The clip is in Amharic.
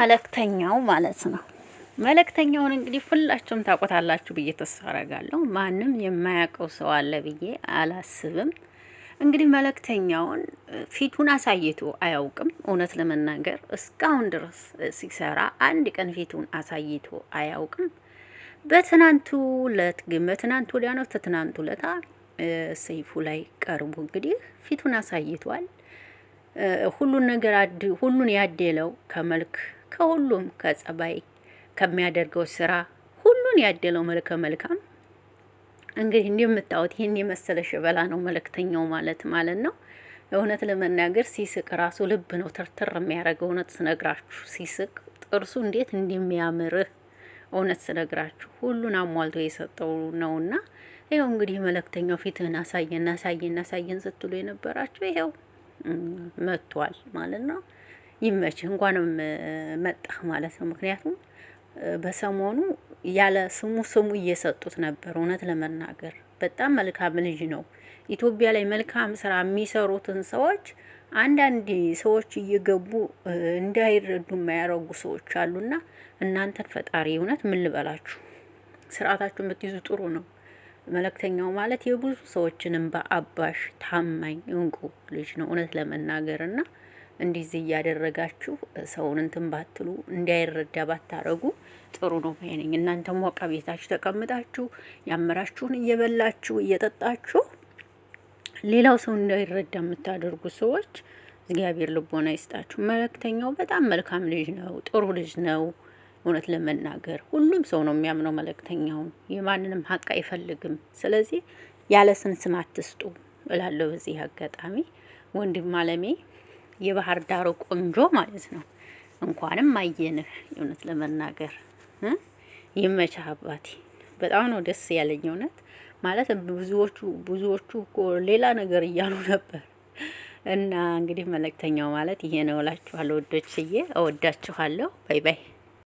መልእክተኛው ማለት ነው። መልእክተኛውን እንግዲህ ሁላችሁም ታውቁታላችሁ ብዬ ተስፋ ማንም የማያውቀው ሰው አለ ብዬ አላስብም። እንግዲህ መልእክተኛውን ፊቱን አሳይቶ አያውቅም። እውነት ለመናገር እስካሁን ድረስ ሲሰራ አንድ ቀን ፊቱን አሳይቶ አያውቅም። በትናንቱ ለት ግን በትናንቱ ወዲያ ነው ተትናንቱ ለታ ሰይፉ ላይ ቀርቦ እንግዲህ ፊቱን አሳይቷል። ሁሉን ነገር ሁሉን ያደለው ከመልክ ከሁሉም ከጸባይ ከሚያደርገው ስራ ሁሉን ያደለው መልከ መልካም እንግዲህ እንደምታዩት ይህን የመሰለ ሽበላ ነው መልእክተኛው ማለት ማለት ነው። እውነት ለመናገር ሲስቅ ራሱ ልብ ነው ትርትር የሚያደርገው። እውነት ስነግራችሁ ሲስቅ ጥርሱ እንዴት እንደሚያምርህ እውነት ስነግራችሁ ሁሉን አሟልቶ የሰጠው ነውና፣ ይኸው እንግዲህ መልእክተኛው ፊትህን አሳየን አሳየን አሳየን ስትሉ የነበራችሁ ይኸው መጥቷል ማለት ነው። ይመችህ እንኳንም መጣህ ማለት ነው። ምክንያቱም በሰሞኑ ያለ ስሙ ስሙ እየሰጡት ነበር። እውነት ለመናገር በጣም መልካም ልጅ ነው። ኢትዮጵያ ላይ መልካም ስራ የሚሰሩትን ሰዎች አንዳንድ ሰዎች እየገቡ እንዳይረዱ የማያረጉ ሰዎች አሉና እናንተን ፈጣሪ እውነት ምን ልበላችሁ፣ ስርዓታችሁን ብትይዙ ጥሩ ነው። መለክተኛው ማለት የብዙ ሰዎችን እንባ አባሽ ታማኝ እንቁ ልጅ ነው እውነት ለመናገር እና እንዲዚህ እያደረጋችሁ ሰውን እንትን ባትሉ እንዳይረዳ ባታረጉ ጥሩ ነው። ይሄንኝ እናንተ ሞቃ ቤታችሁ ተቀምጣችሁ ያመራችሁን እየበላችሁ እየጠጣችሁ ሌላው ሰው እንዳይረዳ የምታደርጉ ሰዎች እግዚአብሔር ልቦና ይስጣችሁ። መልእክተኛው በጣም መልካም ልጅ ነው፣ ጥሩ ልጅ ነው። እውነት ለመናገር ሁሉም ሰው ነው የሚያምነው መልእክተኛውን፣ የማንንም ሀቅ አይፈልግም። ስለዚህ ያለ ስም ስም አትስጡ እላለሁ በዚህ አጋጣሚ ወንድም አለሜ የባህር ዳሩ ቆንጆ ማለት ነው። እንኳንም አየንህ። እውነት ለመናገር ይመቻ አባቴ። በጣም ነው ደስ ያለኝ እውነት ማለት ብዙዎቹ ብዙዎቹ እኮ ሌላ ነገር እያሉ ነበር። እና እንግዲህ መልእክተኛው ማለት ይሄ ነው እላችኋለሁ። ወዶችዬ፣ እወዳችኋለሁ። ባይ ባይ